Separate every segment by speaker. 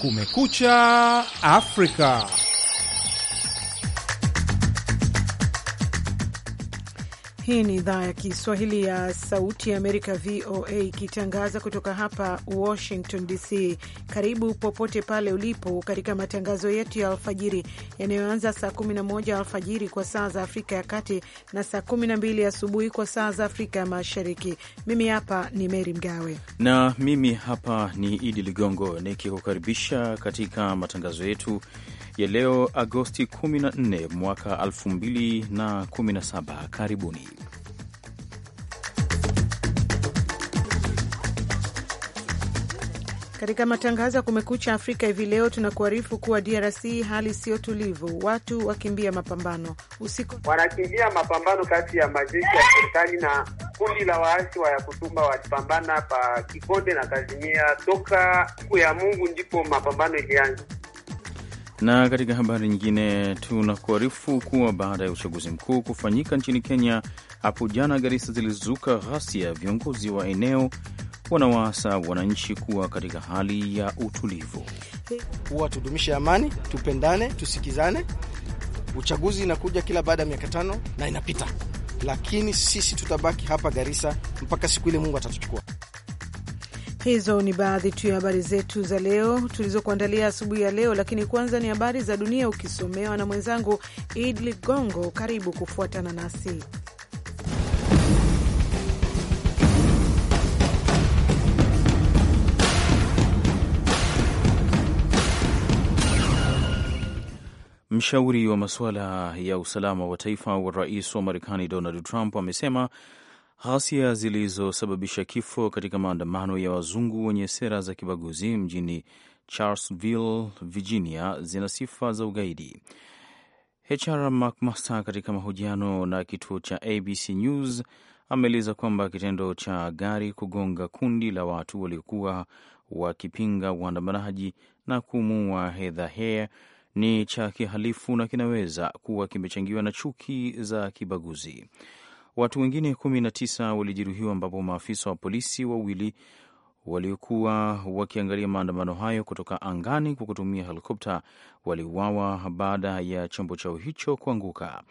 Speaker 1: Kumekucha
Speaker 2: Afrika.
Speaker 3: Hii ni idhaa ya Kiswahili ya Sauti ya Amerika, VOA, ikitangaza kutoka hapa Washington DC. Karibu popote pale ulipo katika matangazo yetu ya alfajiri yanayoanza saa 11 alfajiri kwa saa za Afrika ya Kati na saa 12 asubuhi kwa saa za Afrika ya Mashariki. Mimi hapa ni Meri Mgawe
Speaker 4: na mimi hapa ni Idi Ligongo nikikukaribisha katika matangazo yetu ya leo Agosti 14 mwaka 2017. Karibuni.
Speaker 3: Katika matangazo ya Kumekucha Afrika hivi leo tunakuarifu kuwa DRC hali isiyo tulivu, watu wakimbia mapambano usiku,
Speaker 1: wanakimbia mapambano kati ya majeshi ya serikali na kundi la waasi wa Yakutumba walipambana pa Kikonde na Kazimia toka siku ya Mungu ndipo mapambano ilianza.
Speaker 4: Na katika habari nyingine tunakuarifu kuwa baada ya uchaguzi mkuu kufanyika nchini Kenya hapo jana, garisa zilizuka ghasia. Viongozi wa eneo wanawaasa wananchi kuwa katika hali ya utulivu.
Speaker 5: Huwa tudumishe amani, tupendane, tusikizane. Uchaguzi inakuja kila baada ya miaka tano na inapita, lakini sisi tutabaki hapa garisa mpaka siku ile Mungu atatuchukua.
Speaker 3: Hizo ni baadhi tu ya habari zetu za leo tulizokuandalia asubuhi ya leo, lakini kwanza ni habari za dunia ukisomewa na mwenzangu Id Ligongo. Karibu kufuatana nasi.
Speaker 4: Mshauri wa masuala ya usalama wa taifa wa rais wa Marekani Donald Trump amesema Ghasia zilizosababisha kifo katika maandamano ya wazungu wenye sera za kibaguzi mjini Charlottesville, Virginia zina sifa za ugaidi. HR McMaster katika mahojiano na kituo cha ABC News ameeleza kwamba kitendo cha gari kugonga kundi la watu waliokuwa wakipinga uandamanaji na kumuua Heather Heyer ni cha kihalifu na kinaweza kuwa kimechangiwa na chuki za kibaguzi. Watu wengine 19 walijeruhiwa ambapo maafisa wa polisi wawili waliokuwa wakiangalia maandamano hayo kutoka angani kwa kutumia helikopta waliuawa baada ya chombo chao hicho kuanguka.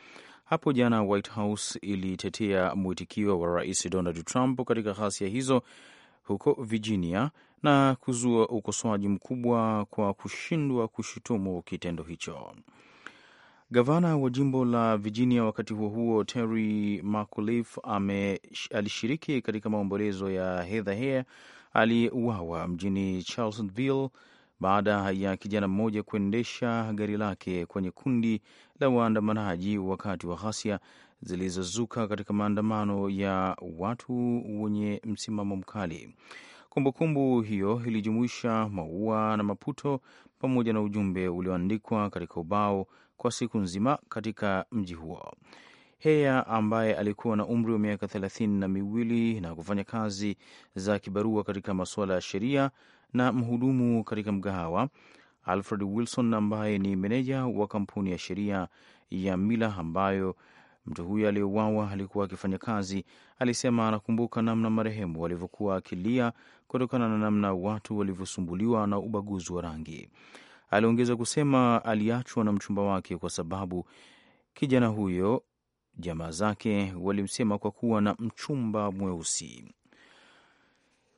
Speaker 4: Hapo jana White House ilitetea mwitikio wa Rais Donald Trump katika ghasia hizo huko Virginia na kuzua ukosoaji mkubwa kwa kushindwa kushutumu kitendo hicho. Gavana wa jimbo la Virginia wakati huo huo, Terry McAuliffe alishiriki katika maombolezo ya Heather Heyer aliyeuawa mjini Charlottesville baada ya kijana mmoja kuendesha gari lake kwenye kundi la waandamanaji wakati wa ghasia zilizozuka katika maandamano ya watu wenye msimamo mkali. Kumbukumbu hiyo ilijumuisha maua na maputo pamoja na ujumbe ulioandikwa katika ubao kwa siku nzima katika mji huo. Heya ambaye alikuwa na umri wa miaka thelathini na miwili na kufanya kazi za kibarua katika masuala ya sheria na mhudumu katika mgahawa. Alfred Wilson ambaye ni meneja wa kampuni ya sheria ya Mila ambayo mtu huyo aliyeuawa alikuwa akifanya kazi, alisema anakumbuka namna marehemu walivyokuwa akilia kutokana na namna watu walivyosumbuliwa na ubaguzi wa rangi. Aliongeza kusema aliachwa na mchumba wake kwa sababu kijana huyo jamaa zake walimsema kwa kuwa na mchumba mweusi.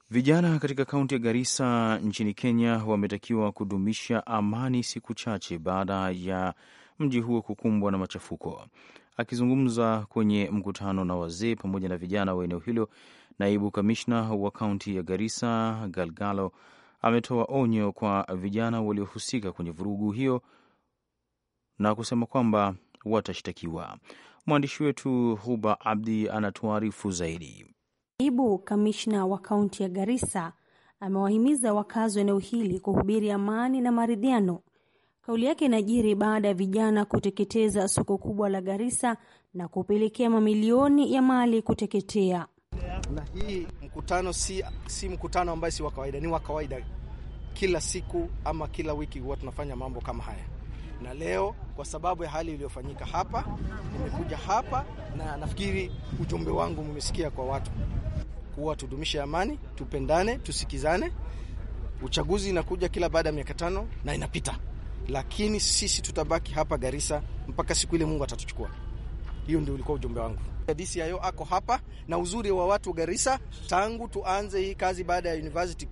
Speaker 4: Vijana katika kaunti ya Garissa nchini Kenya wametakiwa kudumisha amani siku chache baada ya mji huo kukumbwa na machafuko. Akizungumza kwenye mkutano na wazee pamoja na vijana wa eneo hilo, naibu kamishna wa kaunti ya Garissa Galgalo ametoa onyo kwa vijana waliohusika kwenye vurugu hiyo na kusema kwamba watashtakiwa. Mwandishi wetu Huba Abdi anatuarifu zaidi.
Speaker 6: Naibu kamishna wa kaunti ya Garissa amewahimiza wakazi wa eneo hili kuhubiri amani na maridhiano. Kauli yake inajiri baada ya vijana kuteketeza soko kubwa la Garissa na kupelekea mamilioni ya mali kuteketea
Speaker 5: na hii mkutano si, si mkutano ambaye si wa kawaida, ni wa kawaida kila siku ama kila wiki huwa tunafanya mambo kama haya, na leo kwa sababu ya hali iliyofanyika hapa nimekuja hapa, na nafikiri ujumbe wangu mmesikia kwa watu kuwa tudumishe amani, tupendane, tusikizane. Uchaguzi inakuja kila baada ya miaka tano na inapita, lakini sisi tutabaki hapa Garissa mpaka siku ile Mungu atatuchukua. Hiyo ndio ulikuwa ujumbe wangu. DCIO ako hapa na uzuri wa watu Garissa, tangu tuanze hii kazi baada ya university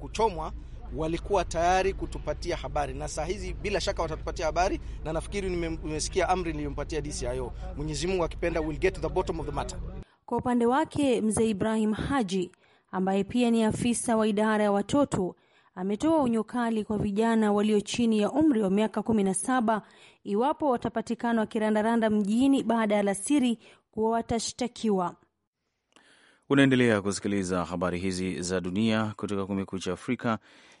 Speaker 5: kuchomwa walikuwa tayari kutupatia habari na saa hizi bila shaka watatupatia habari, na nafikiri nimesikia amri niliyompatia DCIO. Mwenyezi Mungu akipenda, will get to the bottom of the matter.
Speaker 6: Kwa upande wake, mzee Ibrahim Haji ambaye pia ni afisa wa idara ya watoto ametoa onyo kali kwa vijana walio chini ya umri wa miaka kumi na saba iwapo watapatikana wakirandaranda mjini baada ya alasiri kuwa watashtakiwa.
Speaker 4: Unaendelea kusikiliza habari hizi za dunia kutoka Kumekucha Afrika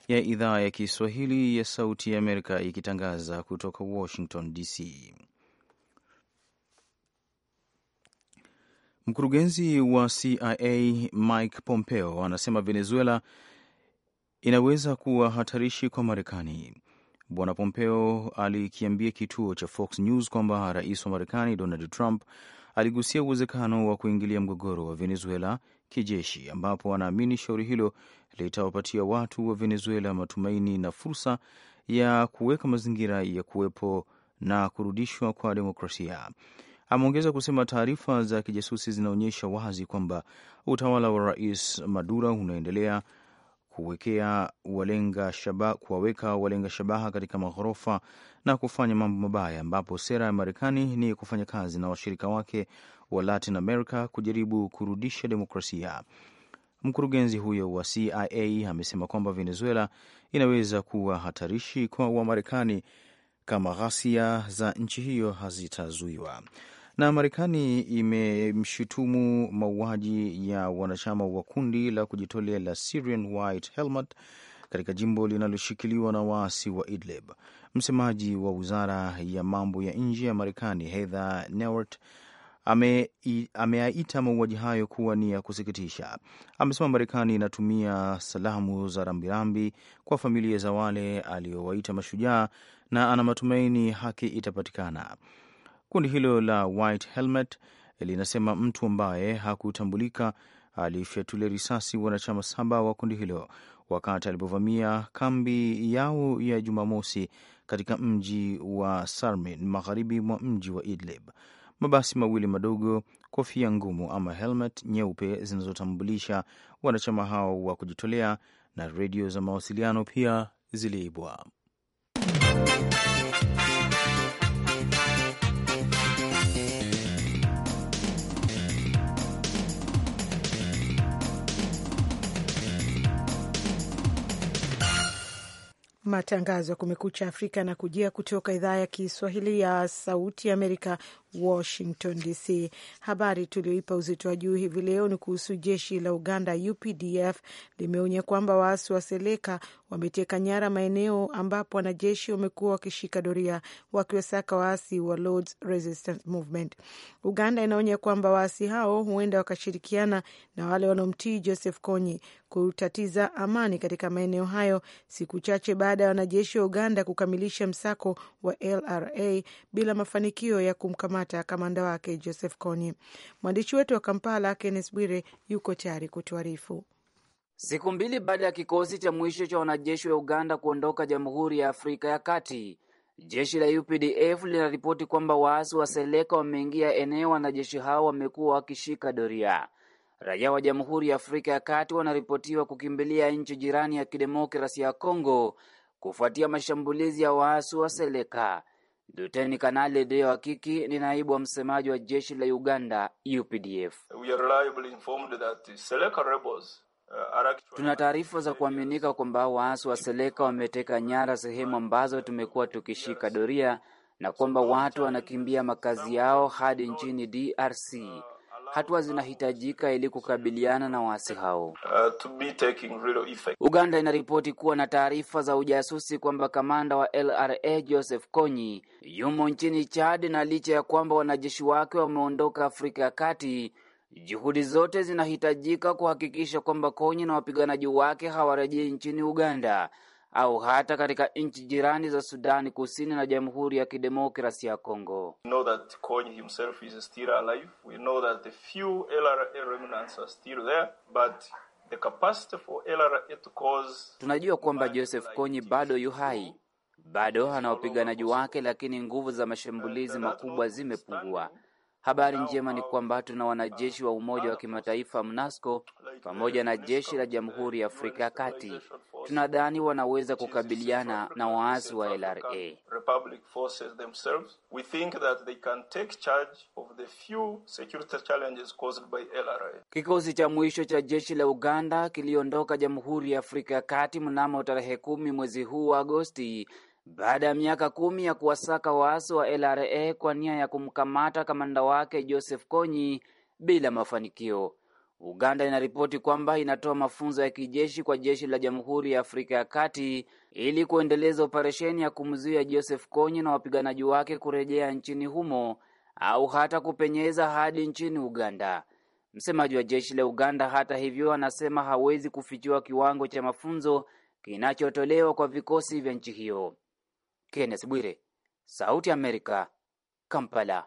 Speaker 4: ya idhaa ya Kiswahili ya Sauti ya Amerika ikitangaza kutoka Washington DC. Mkurugenzi wa CIA Mike Pompeo anasema Venezuela inaweza kuwa hatarishi kwa Marekani. Bwana Pompeo alikiambia kituo cha Fox News kwamba rais wa Marekani Donald Trump aligusia uwezekano wa kuingilia mgogoro wa Venezuela kijeshi, ambapo anaamini shauri hilo litawapatia watu wa Venezuela matumaini na fursa ya kuweka mazingira ya kuwepo na kurudishwa kwa demokrasia. Ameongeza kusema taarifa za kijasusi zinaonyesha wazi kwamba utawala wa rais Maduro unaendelea kuwaweka walenga shabaha, shabaha katika maghorofa na kufanya mambo mabaya, ambapo sera ya Marekani ni kufanya kazi na washirika wake wa Latin America kujaribu kurudisha demokrasia. Mkurugenzi huyo wa CIA amesema kwamba Venezuela inaweza kuwa hatarishi kwa Wamarekani kama ghasia za nchi hiyo hazitazuiwa. Na Marekani imemshutumu mauaji ya wanachama wa kundi la kujitolea la Syrian White Helmet katika jimbo linaloshikiliwa na waasi wa Idlib. Msemaji wa wizara ya mambo ya nje ya Marekani Heather Nauert ameaita mauaji hayo kuwa ni ya kusikitisha. Amesema Marekani inatumia salamu za rambirambi kwa familia za wale aliowaita mashujaa na ana matumaini haki itapatikana. Kundi hilo la White Helmet linasema mtu ambaye hakutambulika alifyatulia risasi wanachama saba wa kundi hilo wakati alipovamia kambi yao ya Jumamosi katika mji wa Sarmin magharibi mwa mji wa Idlib. Mabasi mawili madogo, kofia ngumu ama helmet nyeupe zinazotambulisha wanachama hao wa kujitolea na redio za mawasiliano pia ziliibwa.
Speaker 3: Matangazo ya Kumekucha Afrika na kujia kutoka idhaa ya Kiswahili ya Sauti Amerika, Washington DC. Habari tulioipa uzito wa juu hivi leo ni kuhusu jeshi la Uganda UPDF limeonya kwamba waasi wa Seleka wameteka nyara maeneo ambapo wanajeshi wamekuwa wakishika doria wakiwasaka waasi wa Lords Resistance Movement. Uganda inaonya kwamba waasi hao huenda wakashirikiana na wale wanaomtii Joseph Kony kutatiza amani katika maeneo hayo, siku chache baada ya wanajeshi wa Uganda kukamilisha msako wa LRA bila mafanikio ya kumkamata kumkamata kamanda wake Joseph Kony. Mwandishi wetu wa Kampala, Kennes Bwire, yuko tayari kutuarifu.
Speaker 7: Siku mbili baada ya kikosi cha mwisho cha wanajeshi wa Uganda kuondoka Jamhuri ya Afrika ya Kati, jeshi la UPDF linaripoti kwamba waasi wa Seleka wameingia eneo, wanajeshi hao wamekuwa wakishika doria. Raia wa Jamhuri ya Afrika ya Kati wanaripotiwa kukimbilia nchi jirani ya Kidemokrasia ya Kongo kufuatia mashambulizi ya waasi wa Seleka. Luteni Kanali Deo Akiki ni naibu wa msemaji wa jeshi la Uganda UPDF. Uh, Tuna taarifa za kuaminika kwamba waasi wa Seleka wameteka nyara sehemu ambazo tumekuwa tukishika doria na kwamba watu wanakimbia makazi yao hadi nchini DRC hatua zinahitajika ili kukabiliana na waasi hao. Uh, Uganda inaripoti kuwa na taarifa za ujasusi kwamba kamanda wa LRA Joseph Kony yumo nchini Chad, na licha ya kwamba wanajeshi wake wameondoka Afrika ya Kati, juhudi zote zinahitajika kuhakikisha kwamba Kony na wapiganaji wake hawarejei nchini Uganda au hata katika nchi jirani za Sudani Kusini na Jamhuri ya Kidemokrasi ya Kongo. Tunajua kwamba Joseph Kony bado yu hai, bado ana wapiganaji wake, lakini nguvu za mashambulizi makubwa zimepungua. Habari njema ni kwamba tuna wanajeshi wa Umoja wa Kimataifa MONUSCO pamoja na jeshi la Jamhuri ya Afrika ya Kati tunadhani wanaweza kukabiliana na waasi wa LRA. Kikosi cha mwisho cha jeshi la Uganda kiliondoka Jamhuri ya Afrika ya Kati mnamo tarehe kumi mwezi huu wa Agosti baada ya miaka kumi ya kuwasaka waasi wa LRA kwa nia ya kumkamata kamanda wake Joseph Konyi bila mafanikio. Uganda inaripoti kwamba inatoa mafunzo ya kijeshi kwa jeshi la Jamhuri ya Afrika ya Kati ili kuendeleza operesheni ya kumzuia Joseph Kony na wapiganaji wake kurejea nchini humo au hata kupenyeza hadi nchini Uganda. Msemaji wa jeshi la Uganda, hata hivyo, anasema hawezi kufichua kiwango cha mafunzo kinachotolewa kwa vikosi vya nchi hiyo. Kenneth Bwire, Sauti ya Amerika, Kampala.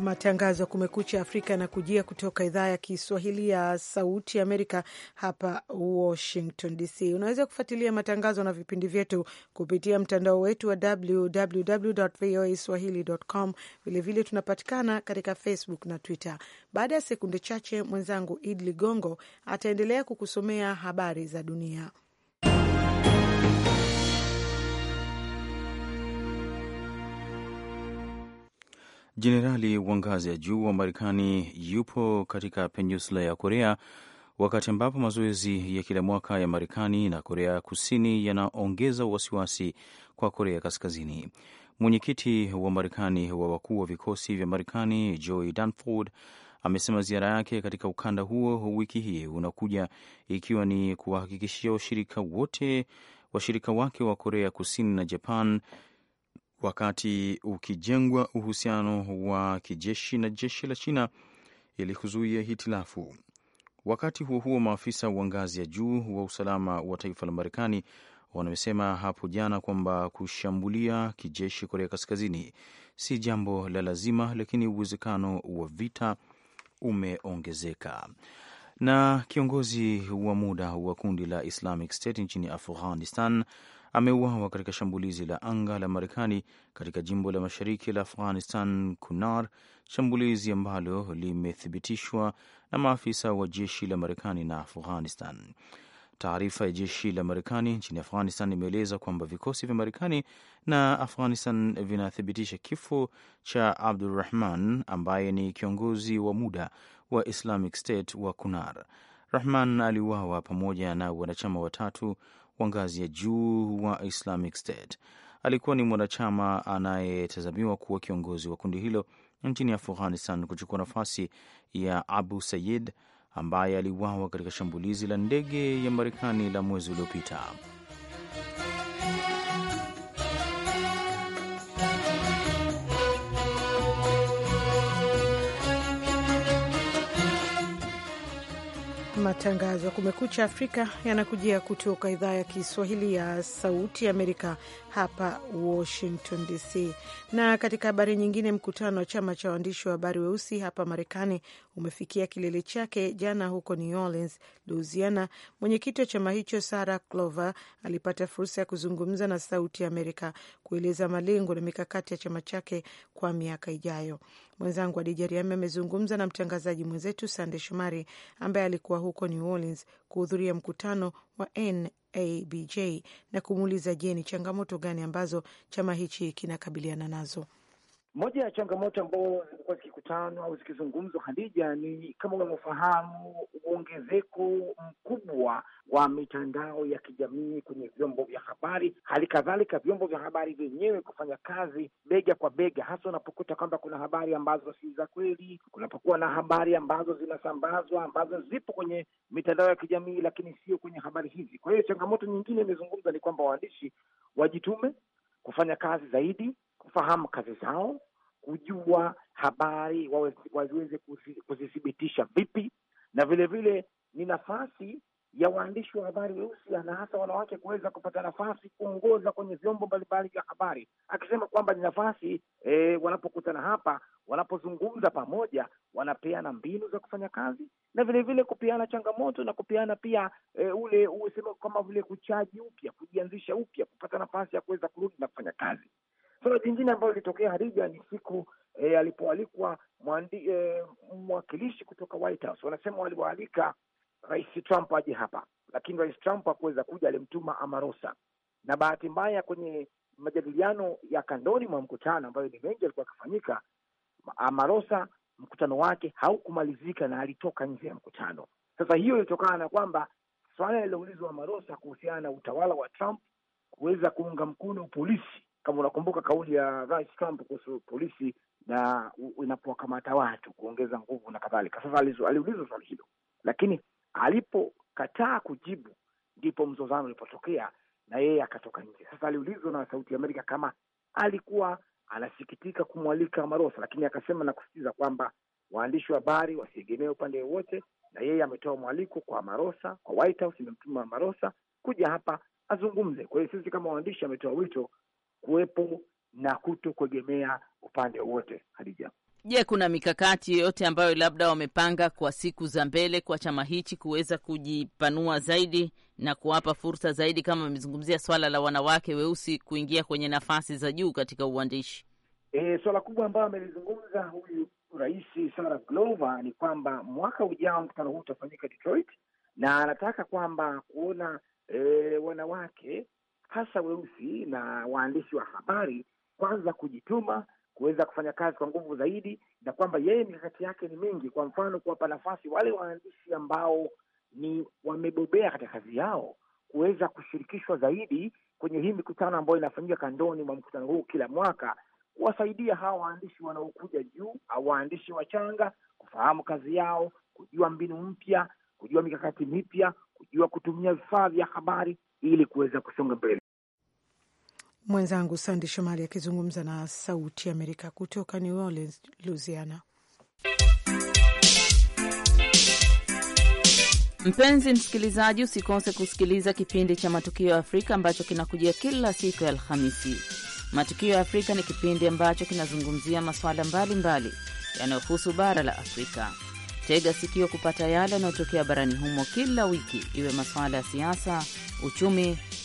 Speaker 3: Matangazo ya Kumekucha Afrika yanakujia kutoka idhaa ya Kiswahili ya Sauti Amerika hapa Washington DC. Unaweza kufuatilia matangazo na vipindi vyetu kupitia mtandao wetu wa www voa swahili.com. Vilevile tunapatikana katika Facebook na Twitter. Baada ya sekunde chache, mwenzangu Id Ligongo ataendelea kukusomea habari za dunia.
Speaker 4: jenerali wa ngazi ya juu wa Marekani yupo katika peninsula ya Korea wakati ambapo mazoezi ya kila mwaka ya Marekani na Korea Kusini yanaongeza wasiwasi kwa Korea Kaskazini. Mwenyekiti wa Marekani wa wakuu wa vikosi vya Marekani Joy Danford amesema ziara yake katika ukanda huo wiki hii unakuja ikiwa ni kuwahakikishia washirika wote washirika wake wa Korea Kusini na Japan wakati ukijengwa uhusiano wa kijeshi na jeshi la China ili kuzuia hitilafu. Wakati huo huo, maafisa wa ngazi ya juu wa usalama wa taifa la Marekani wamesema hapo jana kwamba kushambulia kijeshi Korea Kaskazini si jambo la lazima, lakini uwezekano wa vita umeongezeka. Na kiongozi wa muda wa kundi la Islamic State nchini Afghanistan ameuawa katika shambulizi la anga la Marekani katika jimbo la mashariki la Afghanistan, Kunar, shambulizi ambalo limethibitishwa na maafisa wa jeshi la Marekani na Afghanistan. Taarifa ya jeshi la Marekani nchini Afghanistan imeeleza kwamba vikosi vya Marekani na Afghanistan vinathibitisha kifo cha Abdurrahman ambaye ni kiongozi wa muda wa Islamic State wa Kunar. Rahman aliuawa pamoja na wanachama watatu wa ngazi ya juu wa Islamic State. Alikuwa ni mwanachama anayetazamiwa kuwa kiongozi wa kundi hilo nchini Afghanistan, kuchukua nafasi ya Abu Sayid ambaye aliuawa katika shambulizi la ndege ya Marekani la mwezi uliopita.
Speaker 3: Matangazo ya Kumekucha Afrika yanakujia kutoka idhaa ya Kiswahili ya Sauti Amerika hapa Washington DC. Na katika habari nyingine, mkutano wa chama cha waandishi wa habari weusi hapa Marekani umefikia kilele chake jana huko New Orleans, Louisiana. Mwenyekiti wa chama hicho Sarah Clover alipata fursa ya kuzungumza na Sauti Amerika kueleza malengo na mikakati ya chama chake kwa miaka ijayo. Mwenzangu Adija Riami amezungumza na mtangazaji mwenzetu Sande Shomari ambaye alikuwa huko New Orleans kuhudhuria mkutano wa NABJ na kumuuliza je, ni changamoto gani ambazo chama hichi kinakabiliana nazo?
Speaker 8: Moja ya changamoto ambayo zimekuwa zikikutanwa au zikizungumzwa, Hadija, ni kama unavyofahamu, uongezeko mkubwa wa mitandao ya kijamii kwenye vyombo vya habari, hali kadhalika vyombo vya habari vyenyewe kufanya kazi bega kwa bega, hasa unapokuta kwamba kuna habari ambazo si za kweli, kunapokuwa na habari ambazo zinasambazwa ambazo zipo kwenye mitandao ya kijamii lakini sio kwenye habari hizi. Kwa hiyo changamoto nyingine imezungumzwa ni kwamba waandishi wajitume kufanya kazi zaidi kufahamu kazi zao, kujua habari waziweze kuzithibitisha vipi, na vilevile vile, ni nafasi ya waandishi wa habari weusi na hasa wanawake kuweza kupata nafasi kuongoza kwenye vyombo mbalimbali vya habari, akisema kwamba ni nafasi e, wanapokutana hapa, wanapozungumza pamoja, wanapeana mbinu za kufanya kazi na vilevile vile kupeana changamoto na kupeana pia e, ule usema kama vile kuchaji upya, kujianzisha upya, kupata nafasi ya kuweza kurudi na kufanya kazi. Swala so, jingine ambayo ilitokea hadija ni siku e, alipoalikwa e, mwakilishi kutoka White House. Wanasema waliwaalika Rais Trump aje hapa, lakini Rais Trump hakuweza kuja, alimtuma Amarosa, na bahati mbaya kwenye majadiliano ya kandoni mwa mkutano ambayo ni mengi alikuwa akifanyika, Amarosa mkutano wake haukumalizika na alitoka nje ya mkutano. Sasa hiyo ilitokana na kwamba swala lililoulizwa Amarosa kuhusiana na utawala wa Trump kuweza kuunga mkono polisi kama unakumbuka kauli ya Rais Trump kuhusu polisi na inapowakamata watu kuongeza nguvu na kadhalika. Sasa aliulizwa swali hilo, lakini alipokataa kujibu ndipo mzozano ulipotokea na yeye akatoka nje. Sasa aliulizwa na Sauti ya Amerika kama alikuwa anasikitika kumwalika Marosa, lakini akasema na kusisitiza kwamba waandishi wa habari wasiegemee upande wowote, na yeye ametoa mwaliko kwa Marosa, kwa White House imemtuma Marosa kuja hapa azungumze. Kwa hiyo sisi kama waandishi, ametoa wito kuwepo na kuto kuegemea upande wote. Hadija,
Speaker 9: je, kuna mikakati yoyote ambayo labda wamepanga kwa siku za mbele kwa chama hichi kuweza kujipanua zaidi na kuwapa fursa zaidi, kama amezungumzia swala la wanawake weusi kuingia kwenye nafasi za juu katika uandishi?
Speaker 8: E, swala kubwa ambayo amelizungumza huyu Rais Sarah Glover ni kwamba mwaka ujao mkutano huu utafanyika Detroit, na anataka kwamba kuona e, wanawake hasa weusi na waandishi wa habari kwanza kujituma kuweza kufanya kazi kwa nguvu zaidi, na kwamba yeye mikakati yake ni mingi. Kwa mfano, kuwapa nafasi wale waandishi ambao ni wamebobea katika kazi yao kuweza kushirikishwa zaidi kwenye hii mikutano ambayo inafanyika kandoni mwa mkutano huu kila mwaka, kuwasaidia hawa waandishi wanaokuja juu au waandishi wachanga kufahamu kazi yao, kujua mbinu mpya, kujua mikakati mipya, kujua kutumia vifaa vya habari ili kuweza kusonga mbele
Speaker 3: mwenzangu Sandi shomali akizungumza na Sauti Amerika kutoka New Orleans, Louisiana. Mpenzi msikilizaji,
Speaker 9: usikose kusikiliza kipindi cha Matukio ya Afrika ambacho kinakujia kila siku ya Alhamisi. Matukio ya Afrika ni kipindi ambacho kinazungumzia masuala mbalimbali yanayohusu bara la Afrika. Tega sikio kupata yale yanayotokea barani humo kila wiki, iwe masuala ya siasa, uchumi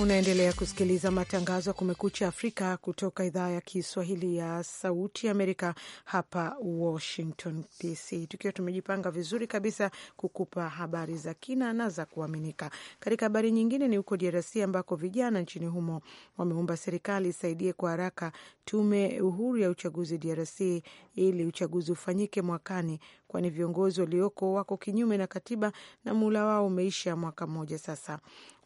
Speaker 3: Unaendelea kusikiliza matangazo ya Kumekucha Afrika kutoka idhaa ya Kiswahili ya Sauti Amerika, hapa Washington DC, tukiwa tumejipanga vizuri kabisa kukupa habari za kina na za kuaminika. Katika habari nyingine, ni huko DRC ambako vijana nchini humo wameomba serikali isaidie kwa haraka tume uhuru ya uchaguzi DRC ili uchaguzi ufanyike mwakani kwani viongozi walioko wako kinyume na katiba na muhula wao umeisha mwaka mmoja sasa.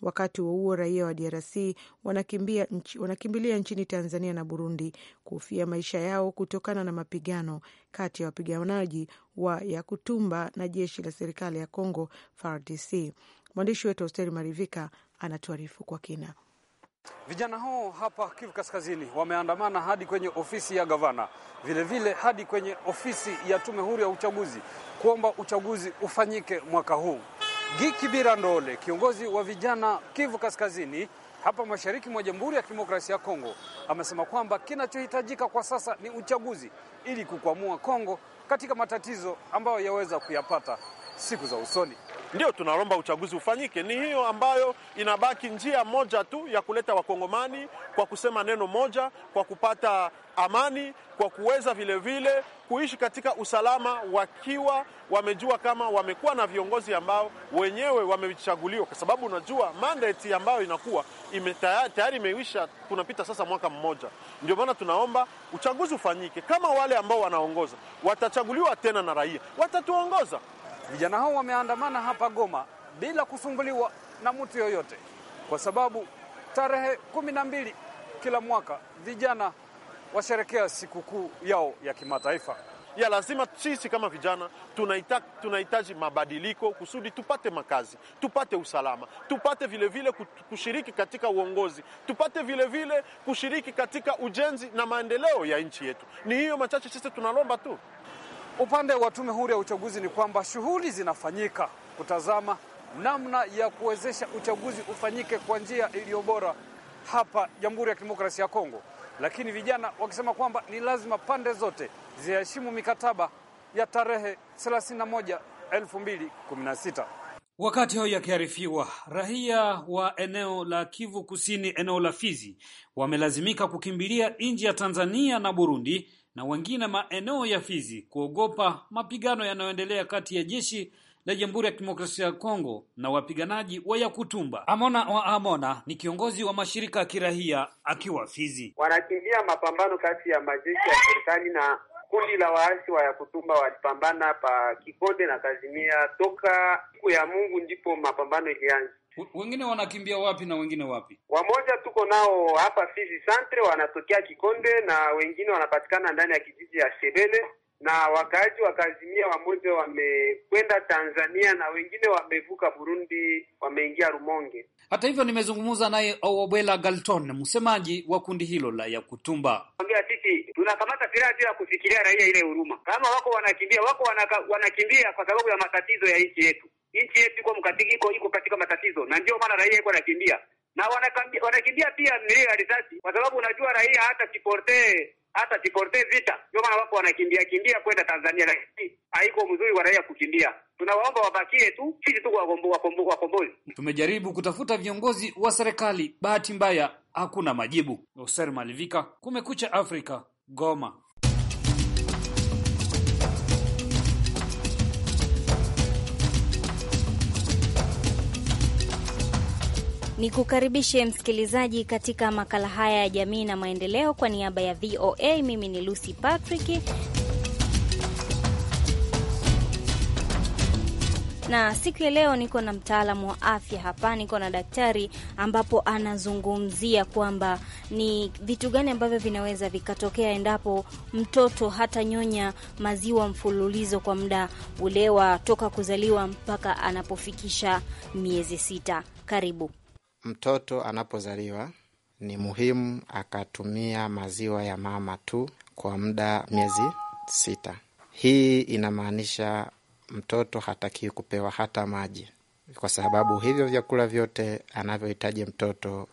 Speaker 3: Wakati huo huo, raia wa DRC wanakimbia nchi, wanakimbilia nchini Tanzania na Burundi kuhofia maisha yao kutokana na mapigano kati ya wapiganaji wa Yakutumba na jeshi la serikali ya Congo, FARDC. Mwandishi wetu hosteri Marivika anatuarifu kwa kina.
Speaker 10: Vijana hao hapa Kivu Kaskazini wameandamana hadi kwenye ofisi ya gavana, vilevile hadi kwenye ofisi ya tume huru ya uchaguzi kuomba uchaguzi ufanyike mwaka huu. giki bira Ndole, kiongozi wa vijana Kivu Kaskazini hapa mashariki mwa Jamhuri ya Kidemokrasia ya Kongo, amesema kwamba kinachohitajika kwa sasa ni uchaguzi ili kukwamua Kongo
Speaker 1: katika matatizo ambayo yaweza kuyapata siku za usoni ndio tunalomba uchaguzi ufanyike. Ni hiyo ambayo inabaki njia moja tu ya kuleta wakongomani kwa kusema neno moja, kwa kupata amani, kwa kuweza vilevile vile kuishi katika usalama, wakiwa wamejua kama wamekuwa na viongozi ambao wenyewe wamechaguliwa, kwa sababu unajua mandate ambayo inakuwa tayari imeisha, kunapita sasa mwaka mmoja. Ndio maana tunaomba uchaguzi ufanyike, kama wale ambao wanaongoza watachaguliwa tena na raia watatuongoza. Vijana hao wameandamana hapa Goma bila
Speaker 10: kusumbuliwa na mtu yoyote, kwa sababu tarehe kumi na mbili kila
Speaker 1: mwaka vijana washerekea sikukuu yao ya kimataifa ya lazima. Sisi kama vijana tunahitaji tunaita mabadiliko kusudi tupate makazi, tupate usalama, tupate vilevile vile kushiriki katika uongozi, tupate vilevile vile kushiriki katika ujenzi na maendeleo ya nchi yetu. Ni hiyo machache sisi tunalomba tu. Upande wa tume huru ya uchaguzi ni kwamba shughuli zinafanyika kutazama namna
Speaker 10: ya kuwezesha uchaguzi ufanyike kwa njia iliyo bora hapa Jamhuri ya Kidemokrasia ya Kongo, lakini vijana wakisema kwamba ni lazima pande zote ziheshimu mikataba ya tarehe 31 2016. Wakati hayo yakiharifiwa, raia wa eneo la Kivu Kusini, eneo la Fizi, wamelazimika kukimbilia nchi ya Tanzania na Burundi na wengine maeneo ya Fizi kuogopa mapigano yanayoendelea kati ya jeshi la Jamhuri ya Kidemokrasia ya Kongo na wapiganaji wa Yakutumba. Amona wa Amona ni kiongozi wa mashirika ya kirahia akiwa
Speaker 8: Fizi.
Speaker 1: Wanakimbia mapambano kati ya majeshi ya serikali na kundi la waasi wa Yakutumba walipambana pa Kikonde na Kazimia toka siku ya Mungu ndipo mapambano ilianza
Speaker 10: wengine wanakimbia wapi na wengine wapi?
Speaker 1: Wamoja tuko nao hapa Fizi Centre, wanatokea Kikonde na wengine wanapatikana ndani ya kijiji ya Shebele, na wakaaji wakaazimia wamoja wamekwenda Tanzania na wengine wamevuka Burundi, wameingia Rumonge.
Speaker 10: Hata hivyo, nimezungumza naye Owobwela Galton, msemaji wa kundi hilo la Yakutumba,
Speaker 1: ambia sisi tunakamata silaha bila kufikiria raia ile huruma. Kama wako wanakimbia, wako wanaka, wanakimbia kwa sababu ya matatizo ya nchi yetu nchi iko iko katika matatizo, na ndio maana raia iko anakimbia na wanakimbia pia ni ya risasi, kwa sababu unajua raia hata kiportee hata kiportee vita, ndio maana wako wanakimbia kimbia kwenda Tanzania, lakini haiko mzuri wa raia kukimbia. Tunawaomba wabakie tu, sisi tu wakombozi.
Speaker 10: Tumejaribu kutafuta viongozi wa serikali, bahati mbaya hakuna majibu. Oser Malivika, Kumekucha Afrika, Goma.
Speaker 6: ni kukaribishe msikilizaji katika makala haya ya jamii na maendeleo. Kwa niaba ya VOA, mimi ni Lucy Patrick. na siku ya leo niko na mtaalamu wa afya hapa, niko na daktari ambapo anazungumzia kwamba ni vitu gani ambavyo vinaweza vikatokea endapo mtoto hata nyonya maziwa mfululizo kwa muda ule wa toka kuzaliwa mpaka anapofikisha miezi sita. Karibu
Speaker 2: mtoto anapozaliwa ni muhimu akatumia maziwa ya mama tu kwa muda miezi sita. Hii inamaanisha mtoto hatakiwi kupewa hata maji, kwa sababu hivyo vyakula vyote anavyohitaji mtoto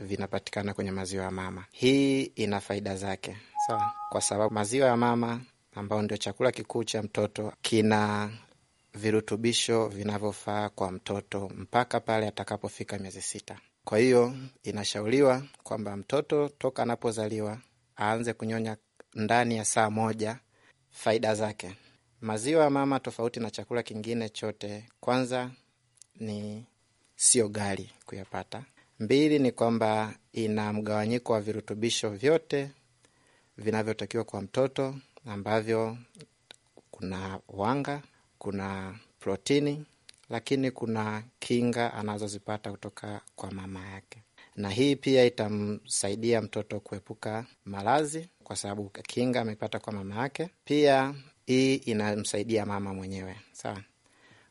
Speaker 2: vinapatikana vina kwenye maziwa ya mama. Hii ina faida zake, sawa, kwa sababu maziwa ya mama ambayo ndio chakula kikuu cha mtoto kina virutubisho vinavyofaa kwa mtoto mpaka pale atakapofika miezi sita. Kwa hiyo inashauriwa kwamba mtoto toka anapozaliwa aanze kunyonya ndani ya saa moja. Faida zake, maziwa ya mama tofauti na chakula kingine chote, kwanza ni sio ghali kuyapata. Mbili ni kwamba ina mgawanyiko wa virutubisho vyote vinavyotakiwa kwa mtoto ambavyo kuna wanga, kuna protini, lakini kuna kinga anazozipata kutoka kwa mama yake, na hii pia itamsaidia mtoto kuepuka maradhi kwa sababu kinga amepata kwa mama yake. Pia hii inamsaidia mama mwenyewe. Sawa,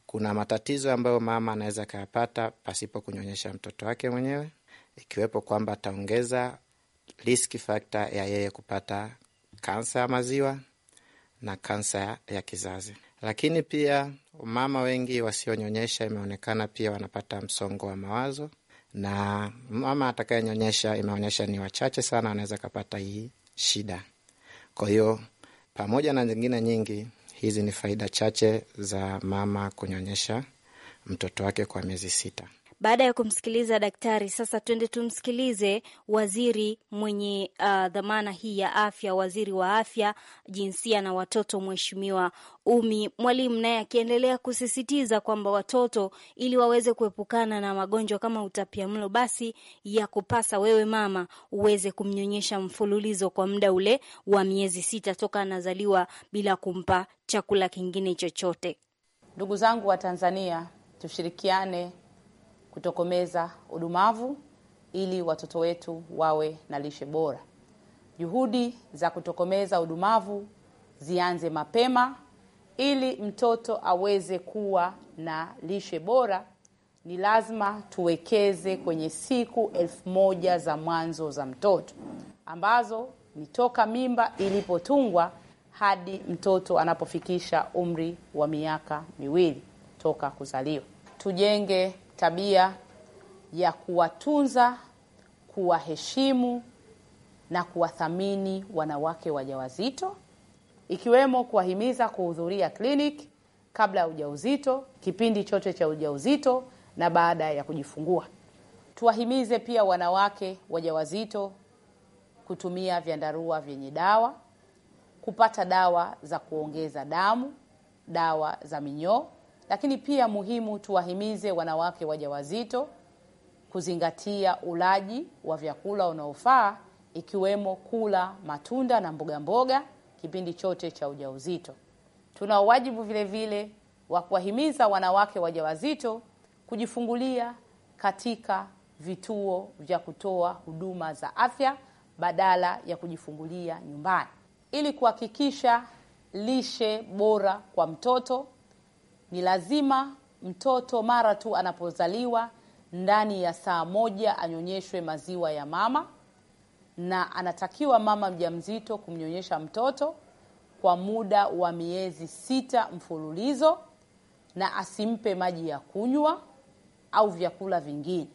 Speaker 2: kuna matatizo ambayo mama anaweza akayapata pasipo kunyonyesha mtoto wake mwenyewe, ikiwepo kwamba ataongeza risk factor ya yeye kupata kansa ya maziwa na kansa ya kizazi. Lakini pia mama wengi wasionyonyesha imeonekana pia wanapata msongo wa mawazo, na mama atakayenyonyesha imeonyesha ni wachache sana wanaweza kapata hii shida. Kwa hiyo pamoja na zingine nyingi, hizi ni faida chache za mama kunyonyesha mtoto wake kwa miezi sita.
Speaker 6: Baada ya kumsikiliza daktari, sasa twende tumsikilize waziri mwenye uh, dhamana hii ya afya, waziri wa afya, jinsia na watoto, mheshimiwa Umi Mwalimu, naye akiendelea kusisitiza kwamba watoto ili waweze kuepukana na magonjwa kama utapiamlo, basi ya kupasa wewe mama uweze kumnyonyesha mfululizo kwa muda ule wa miezi sita toka anazaliwa bila kumpa
Speaker 9: chakula kingine chochote. Ndugu zangu wa Tanzania, tushirikiane kutokomeza udumavu ili watoto wetu wawe na lishe bora. Juhudi za kutokomeza udumavu zianze mapema ili mtoto aweze kuwa na lishe bora. Ni lazima tuwekeze kwenye siku elfu moja za mwanzo za mtoto ambazo ni toka mimba ilipotungwa hadi mtoto anapofikisha umri wa miaka miwili toka kuzaliwa tujenge tabia ya kuwatunza, kuwaheshimu na kuwathamini wanawake wajawazito ikiwemo kuwahimiza kuhudhuria kliniki kabla ya ujauzito, kipindi chote cha ujauzito na baada ya kujifungua. Tuwahimize pia wanawake wajawazito kutumia vyandarua vyenye dawa, kupata dawa za kuongeza damu, dawa za minyoo lakini pia muhimu tuwahimize wanawake wajawazito kuzingatia ulaji wa vyakula unaofaa ikiwemo kula matunda na mboga mboga kipindi chote cha ujauzito. Tuna wajibu vile vile wa kuwahimiza wanawake wajawazito kujifungulia katika vituo vya kutoa huduma za afya badala ya kujifungulia nyumbani ili kuhakikisha lishe bora kwa mtoto ni lazima mtoto mara tu anapozaliwa ndani ya saa moja anyonyeshwe maziwa ya mama, na anatakiwa mama mjamzito kumnyonyesha mtoto kwa muda wa miezi sita mfululizo, na asimpe maji ya kunywa au vyakula vingine.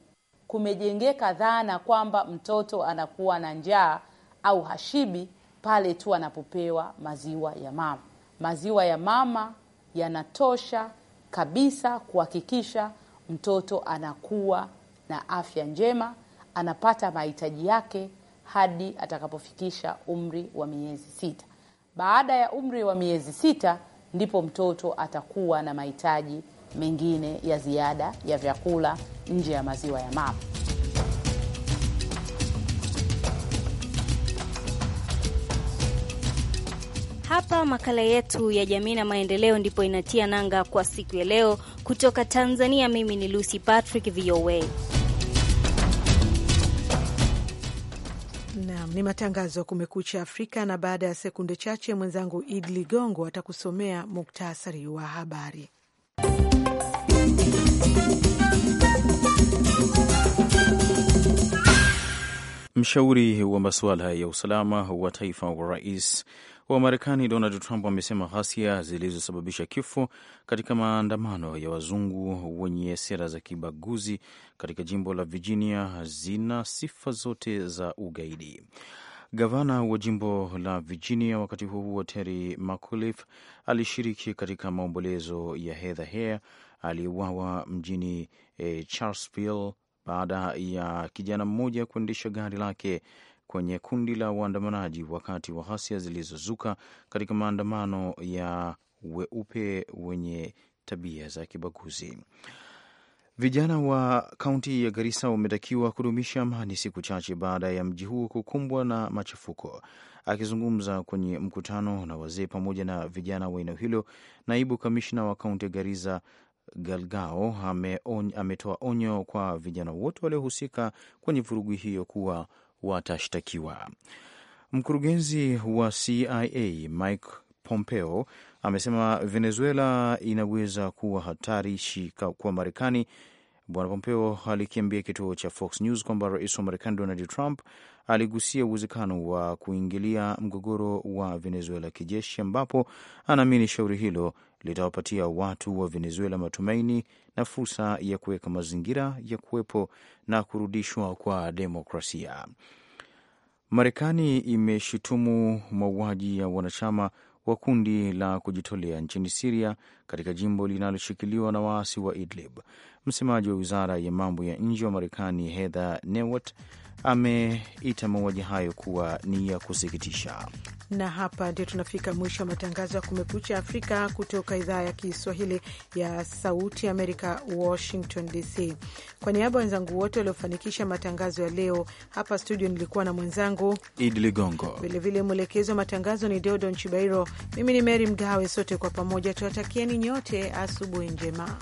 Speaker 9: Kumejengeka dhana kwamba mtoto anakuwa na njaa au hashibi pale tu anapopewa maziwa ya mama. Maziwa ya mama yanatosha kabisa kuhakikisha mtoto anakuwa na afya njema, anapata mahitaji yake hadi atakapofikisha umri wa miezi sita. Baada ya umri wa miezi sita ndipo mtoto atakuwa na mahitaji mengine ya ziada ya vyakula nje ya maziwa ya mama.
Speaker 6: hapa makala yetu ya jamii na maendeleo ndipo inatia nanga kwa siku ya leo. Kutoka Tanzania, mimi ni Lucy Patrick, VOA.
Speaker 3: Naam, ni matangazo ya Kumekucha Afrika, na baada ya sekunde chache mwenzangu Idi Ligongo atakusomea muktasari wa habari.
Speaker 4: Mshauri wa masuala ya usalama wa taifa wa rais wa Marekani Donald Trump amesema ghasia zilizosababisha kifo katika maandamano ya wazungu wenye sera za kibaguzi katika jimbo la Virginia zina sifa zote za ugaidi. Gavana wa jimbo la Virginia wakati huo huo, Terry McAuliffe alishiriki katika maombolezo ya Heather Heyer aliyeuawa mjini eh, Charlottesville baada ya kijana mmoja kuendesha gari lake kwenye kundi la waandamanaji wakati wa ghasia zilizozuka katika maandamano ya weupe wenye tabia za kibaguzi. Vijana wa kaunti ya Garissa wametakiwa kudumisha amani siku chache baada ya mji huo kukumbwa na machafuko. Akizungumza kwenye mkutano na wazee pamoja na vijana wa eneo hilo, naibu kamishna wa kaunti ya Garissa Galgao ametoa onyo kwa vijana wote waliohusika kwenye vurugu hiyo kuwa watashtakiwa. Mkurugenzi wa CIA Mike Pompeo amesema Venezuela inaweza kuwa hatarishi kwa Marekani. Bwana Pompeo alikiambia kituo cha Fox News kwamba rais wa Marekani Donald Trump aligusia uwezekano wa kuingilia mgogoro wa Venezuela kijeshi, ambapo anaamini shauri hilo litawapatia watu wa Venezuela matumaini na fursa ya kuweka mazingira ya kuwepo na kurudishwa kwa demokrasia. Marekani imeshutumu mauaji ya wanachama wa kundi la kujitolea nchini Siria katika jimbo linaloshikiliwa na waasi wa Idlib. Msemaji wa wizara ya mambo ya nje wa Marekani Heather Nauert ameita mauaji hayo kuwa ni ya kusikitisha.
Speaker 3: Na hapa ndio tunafika mwisho wa matangazo ya Kumekucha Afrika kutoka idhaa ya Kiswahili ya Sauti Amerika, Washington DC. Kwa niaba ya wenzangu wote waliofanikisha matangazo ya leo, hapa studio nilikuwa na mwenzangu
Speaker 4: Idi Ligongo,
Speaker 3: vilevile mwelekezi wa matangazo ni Deodon Chibairo. Mimi ni Mary Mgawe, sote kwa pamoja tuwatakieni nyote asubuhi njema.